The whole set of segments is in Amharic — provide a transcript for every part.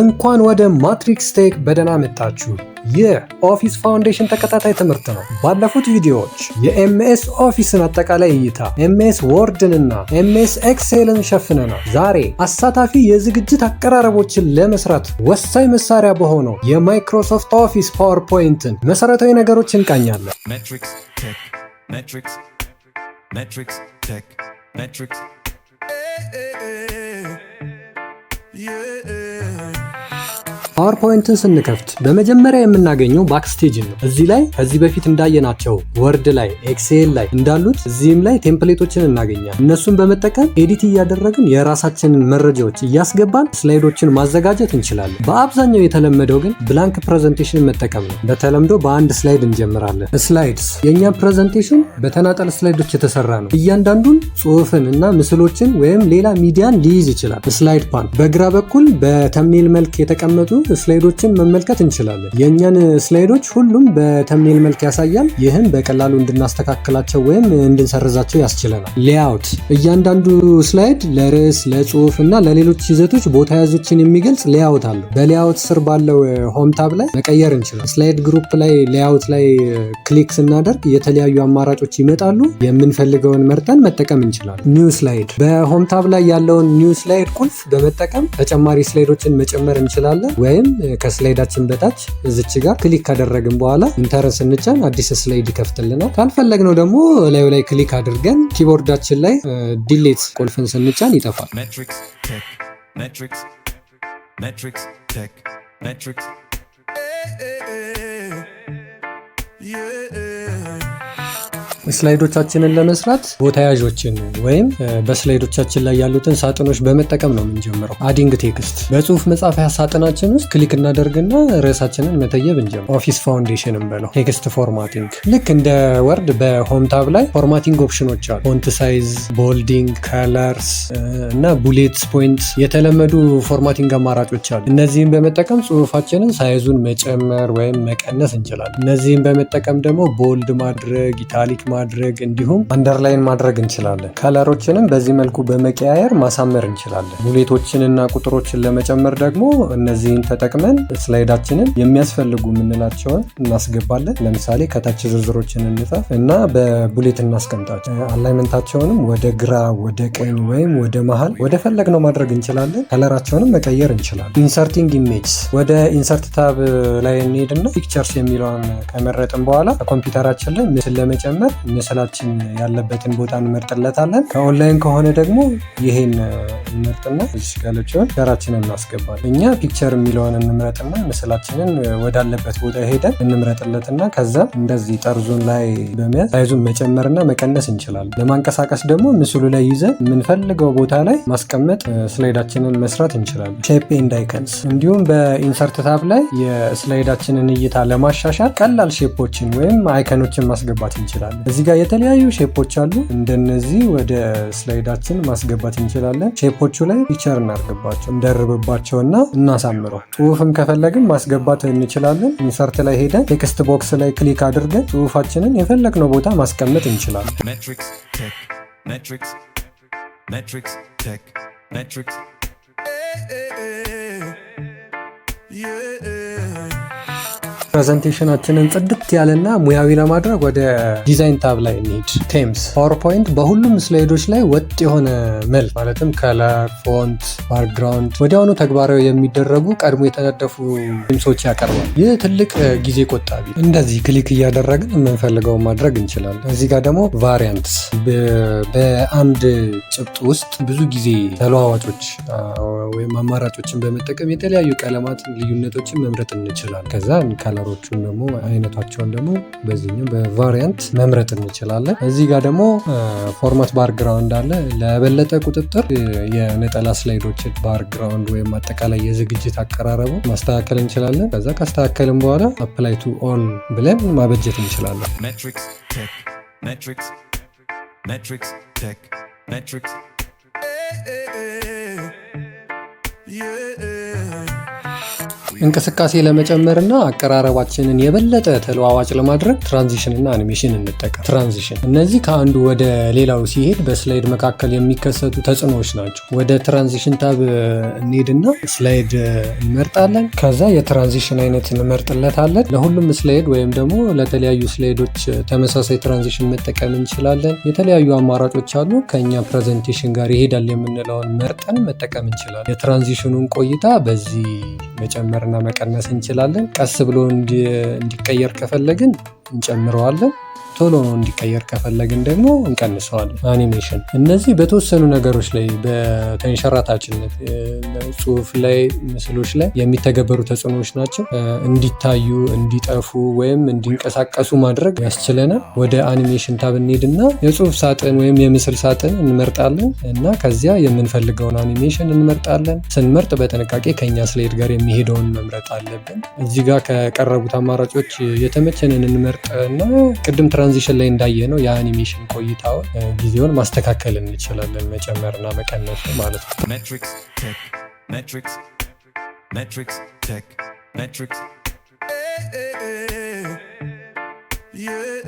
እንኳን ወደ ማትሪክስ ቴክ በደህና መጣችሁ። ይህ ኦፊስ ፋውንዴሽን ተከታታይ ትምህርት ነው። ባለፉት ቪዲዮዎች የኤምኤስ ኦፊስን አጠቃላይ እይታ፣ ኤምኤስ ወርድንና ኤምኤስ ኤክሴልን ሸፍነናል። ዛሬ አሳታፊ የዝግጅት አቀራረቦችን ለመስራት ወሳኝ መሳሪያ በሆነው የማይክሮሶፍት ኦፊስ ፓወርፖይንትን መሰረታዊ ነገሮች እንቃኛለን። ሜትሪክስ ፓወርፖይንትን ስንከፍት በመጀመሪያ የምናገኘው ባክስቴጅን ነው። እዚህ ላይ ከዚህ በፊት እንዳየናቸው ወርድ ላይ፣ ኤክሴል ላይ እንዳሉት እዚህም ላይ ቴምፕሌቶችን እናገኛል። እነሱን በመጠቀም ኤዲት እያደረግን የራሳችንን መረጃዎች እያስገባን ስላይዶችን ማዘጋጀት እንችላለን። በአብዛኛው የተለመደው ግን ብላንክ ፕሬዘንቴሽን መጠቀም ነው። በተለምዶ በአንድ ስላይድ እንጀምራለን። ስላይድስ የእኛ ፕሬዘንቴሽን በተናጠል ስላይዶች የተሰራ ነው። እያንዳንዱን ጽሑፍን እና ምስሎችን ወይም ሌላ ሚዲያን ሊይዝ ይችላል። ስላይድ ፓን በግራ በኩል በተምኔል መልክ የተቀመጡ ስላይዶችን መመልከት እንችላለን። የእኛን ስላይዶች ሁሉም በተምኔል መልክ ያሳያል። ይህም በቀላሉ እንድናስተካክላቸው ወይም እንድንሰርዛቸው ያስችለናል። ሌአውት እያንዳንዱ ስላይድ ለርዕስ፣ ለጽሁፍ እና ለሌሎች ይዘቶች ቦታ ያዞችን የሚገልጽ ሌአውት አለው። በሌአውት ስር ባለው ሆም ታብ ላይ መቀየር እንችላል። ስላይድ ግሩፕ ላይ ሌአውት ላይ ክሊክ ስናደርግ የተለያዩ አማራጮች ይመጣሉ። የምንፈልገውን መርጠን መጠቀም እንችላል። ኒው ስላይድ በሆም ታብ ላይ ያለውን ኒው ስላይድ ቁልፍ በመጠቀም ተጨማሪ ስላይዶችን መጨመር እንችላለን። ወይም ከስላይዳችን በታች እዚች ጋር ክሊክ ካደረግን በኋላ ኢንተር ስንጫን አዲስ ስላይድ ይከፍትልናል። ካልፈለግነው ደግሞ ላዩ ላይ ክሊክ አድርገን ኪቦርዳችን ላይ ዲሌት ቁልፍን ስንጫን ይጠፋል። Yeah. ስላይዶቻችንን ለመስራት ቦታ ያዦችን ወይም በስላይዶቻችን ላይ ያሉትን ሳጥኖች በመጠቀም ነው የምንጀምረው። አዲንግ ቴክስት በጽሁፍ መጻፊያ ሳጥናችን ውስጥ ክሊክ እናደርግና ርዕሳችንን መተየብ እንጀምር። ኦፊስ ፋውንዴሽንም በለው ቴክስት ፎርማቲንግ ልክ እንደ ወርድ በሆም ታብ ላይ ፎርማቲንግ ኦፕሽኖች አሉ። ፎንት ሳይዝ፣ ቦልዲንግ፣ ከለርስ እና ቡሌት ፖይንት የተለመዱ ፎርማቲንግ አማራጮች አሉ። እነዚህን በመጠቀም ጽሁፋችንን ሳይዙን መጨመር ወይም መቀነስ እንችላለን። እነዚህን በመጠቀም ደግሞ ቦልድ ማድረግ፣ ኢታሊክ ማድረግ ማድረግ እንዲሁም አንደርላይን ማድረግ እንችላለን። ከለሮችንም በዚህ መልኩ በመቀያየር ማሳመር እንችላለን። ሙሌቶችንና ቁጥሮችን ለመጨመር ደግሞ እነዚህን ተጠቅመን ስላይዳችንን የሚያስፈልጉ የምንላቸውን እናስገባለን። ለምሳሌ ከታች ዝርዝሮችን እንጻፍ እና በቡሌት እናስቀምጣቸው። አላይመንታቸውንም ወደ ግራ፣ ወደ ቀኝ ወይም ወደ መሀል ወደ ፈለግነው ማድረግ እንችላለን። ከለራቸውንም መቀየር እንችላለን። ኢንሰርቲንግ ኢሜጅስ ወደ ኢንሰርት ታብ ላይ እንሄድና ፒክቸርስ የሚለውን ከመረጥን በኋላ ኮምፒውተራችን ላይ ምስል ለመጨመር መሰላችን ያለበትን ቦታ እንመርጥለታለን። ከኦንላይን ከሆነ ደግሞ ይሄን እንመርጥና እዚህ ጋለችን ፒክቸራችንን እናስገባለን። እኛ ፒክቸር የሚለውን እንምረጥና መሰላችንን ወዳለበት ቦታ ሄደን እንምረጥለትና ከዛ እንደዚህ ጠርዙን ላይ በመያዝ ሳይዙን መጨመርና መቀነስ እንችላለን። ለማንቀሳቀስ ደግሞ ምስሉ ላይ ይዘን የምንፈልገው ቦታ ላይ ማስቀመጥ ስላይዳችንን መስራት እንችላለን። ሼፕ ኤንድ አይከንስ እንዲሁም በኢንሰርት ታብ ላይ የስላይዳችንን እይታ ለማሻሻል ቀላል ሼፖችን ወይም አይከኖችን ማስገባት እንችላለን። እዚህ ጋር የተለያዩ ሼፖች አሉ። እንደነዚህ ወደ ስላይዳችን ማስገባት እንችላለን። ሼፖቹ ላይ ፒቸር እናርግባቸው፣ እና እናሳምረው። ጽሁፍም ከፈለግን ማስገባት እንችላለን። ኢንሰርት ላይ ሄደን ቴክስት ቦክስ ላይ ክሊክ አድርገን ጽሁፋችንን የፈለግነው ቦታ ማስቀመጥ እንችላለን። ፕሬዘንቴሽናችንን ጽድት ያለና ሙያዊ ለማድረግ ወደ ዲዛይን ታብ ላይ እንሂድ። ቴምስ ፓወርፖይንት በሁሉም ስላይዶች ላይ ወጥ የሆነ መልክ ማለትም ከለር፣ ፎንት፣ ባክግራውንድ ወዲያውኑ ተግባራዊ የሚደረጉ ቀድሞ የተነደፉ ቴምሶች ያቀርባል። ይህ ትልቅ ጊዜ ቆጣቢ፣ እንደዚህ ክሊክ እያደረግን የምንፈልገውን ማድረግ እንችላለን። እዚህ ጋር ደግሞ ቫሪያንትስ በአንድ ጭብጥ ውስጥ ብዙ ጊዜ ተለዋዋጮች ወይም አማራጮችን በመጠቀም የተለያዩ ቀለማት ልዩነቶችን መምረጥ እንችላለን። ከዛ ከለሮቹን ደግሞ አይነታቸውን ደግሞ በዚህኛው በቫሪያንት መምረጥ እንችላለን። እዚህ ጋር ደግሞ ፎርማት ባርግራውንድ አለ። ለበለጠ ቁጥጥር የነጠላ ስላይዶች ባርግራውንድ ወይም አጠቃላይ የዝግጅት አቀራረቡ ማስተካከል እንችላለን። ከዛ ካስተካከልን በኋላ አፕላይ ቱ ኦል ብለን ማበጀት እንችላለን። ሜትሪክስ ቴክ እንቅስቃሴ ለመጨመርና አቀራረባችንን የበለጠ ተለዋዋጭ ለማድረግ ትራንዚሽንና አኒሜሽን እንጠቀም። ትራንዚሽን እነዚህ ከአንዱ ወደ ሌላው ሲሄድ በስላይድ መካከል የሚከሰቱ ተጽዕኖዎች ናቸው። ወደ ትራንዚሽን ታብ እንሄድና ስላይድ እንመርጣለን። ከዛ የትራንዚሽን አይነት እንመርጥለታለን። ለሁሉም ስላይድ ወይም ደግሞ ለተለያዩ ስላይዶች ተመሳሳይ ትራንዚሽን መጠቀም እንችላለን። የተለያዩ አማራጮች አሉ። ከኛ ፕሬዘንቴሽን ጋር ይሄዳል የምንለውን መርጠን መጠቀም እንችላለን። የትራንዚሽኑን ቆይታ በዚህ መጨመር መጨመርና መቀነስ እንችላለን። ቀስ ብሎ እንዲቀየር ከፈለግን እንጨምረዋለን። ቶሎ ነው እንዲቀየር ከፈለግን ደግሞ እንቀንሰዋለን። አኒሜሽን እነዚህ በተወሰኑ ነገሮች ላይ በተንሸራታችነት ጽሁፍ ላይ፣ ምስሎች ላይ የሚተገበሩ ተጽዕኖዎች ናቸው። እንዲታዩ፣ እንዲጠፉ ወይም እንዲንቀሳቀሱ ማድረግ ያስችለናል። ወደ አኒሜሽን ታብ እንሄድና የጽሁፍ ሳጥን ወይም የምስል ሳጥን እንመርጣለን እና ከዚያ የምንፈልገውን አኒሜሽን እንመርጣለን። ስንመርጥ በጥንቃቄ ከኛ ስሌድ ጋር የሚሄደውን መምረጥ አለብን። እዚህ ጋር ከቀረቡት አማራጮች የተመቸንን እንመርጥ እና ቅድም ትራንዚሽን ላይ እንዳየ ነው የአኒሜሽን ቆይታ ጊዜውን ማስተካከል እንችላለን፣ መጨመርና መቀነስ ማለት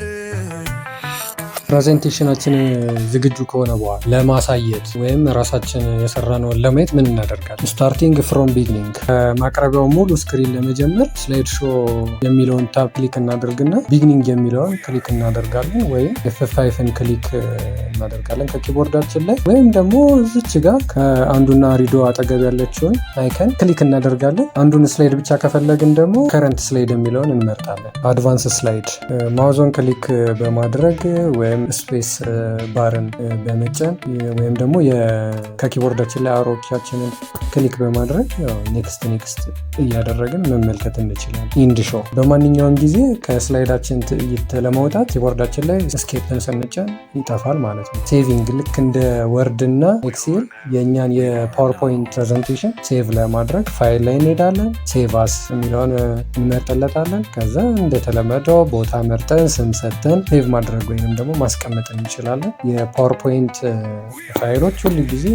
ነው። ፕሬዘንቴሽናችን ዝግጁ ከሆነ በኋላ ለማሳየት ወይም ራሳችን የሰራነውን ለማየት ምን እናደርጋለን? ስታርቲንግ ፍሮም ቢግኒንግ ማቅረቢያው ሙሉ ስክሪን ለመጀመር ስላይድ ሾ የሚለውን ታብ ክሊክ እናደርግና ቢግኒንግ የሚለውን ክሊክ እናደርጋለን ወይም ኤፍፋይፍን ክሊክ እናደርጋለን ከኪቦርዳችን ላይ ወይም ደግሞ እዚች ጋር ከአንዱና ሪዶ አጠገብ ያለችውን አይከን ክሊክ እናደርጋለን። አንዱን ስላይድ ብቻ ከፈለግን ደግሞ ከረንት ስላይድ የሚለውን እንመርጣለን። አድቫንስ ስላይድ ማውዞን ክሊክ በማድረግ ወይም ስፔስ ባርን በመጫን ወይም ደግሞ ከኪቦርዳችን ላይ አሮኪያችንን ክሊክ በማድረግ ኔክስት ኔክስት እያደረግን መመልከት እንችላለን። ኢንድ ሾ በማንኛውም ጊዜ ከስላይዳችን ትይት ለመውጣት ኪቦርዳችን ላይ ስኬፕን ስንጫን ይጠፋል ማለት ነው። ሴቪንግ ልክ እንደ ወርድ እና ኤክሴል የእኛን የፓወርፖይንት ፕሬዘንቴሽን ሴቭ ለማድረግ ፋይል ላይ እንሄዳለን። ሴቭ አስ የሚለውን እንመርጥለታለን። ከዛ እንደተለመደው ቦታ መርጠን ስም ሰጥተን ሴቭ ማድረግ ወይንም ደግሞ ማስቀመጥ እንችላለን። የፓወርፖይንት ፋይሎች ሁል ጊዜ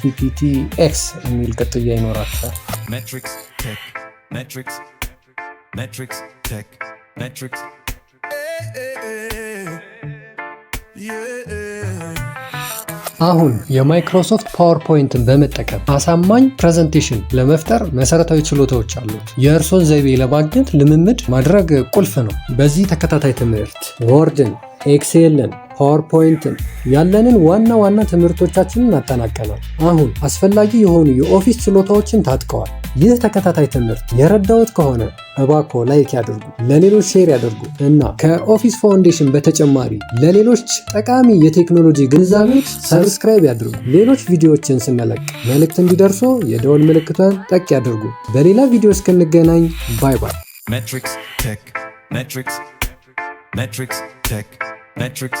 ፒፒቲ ኤክስ የሚል ቅጥያ ይኖራቸዋል። አሁን የማይክሮሶፍት ፓወርፖይንትን በመጠቀም አሳማኝ ፕሬዘንቴሽን ለመፍጠር መሰረታዊ ችሎታዎች አሉት። የእርሶን ዘይቤ ለማግኘት ልምምድ ማድረግ ቁልፍ ነው። በዚህ ተከታታይ ትምህርት ወርድን፣ ኤክሴልን ፓወርፖይንትን ያለንን ዋና ዋና ትምህርቶቻችንን አጠናቀናል። አሁን አስፈላጊ የሆኑ የኦፊስ ችሎታዎችን ታጥቀዋል። ይህ ተከታታይ ትምህርት የረዳዎት ከሆነ እባኮ ላይክ ያድርጉ፣ ለሌሎች ሼር ያድርጉ እና ከኦፊስ ፋውንዴሽን በተጨማሪ ለሌሎች ጠቃሚ የቴክኖሎጂ ግንዛቤዎች ሰብስክራይብ ያድርጉ። ሌሎች ቪዲዮዎችን ስንለቅ መልእክት እንዲደርሶ የደወል ምልክቷን ጠቅ ያድርጉ። በሌላ ቪዲዮ እስክንገናኝ ባይ ባይ። Metrics Tech Metrics Metrics Tech Metrics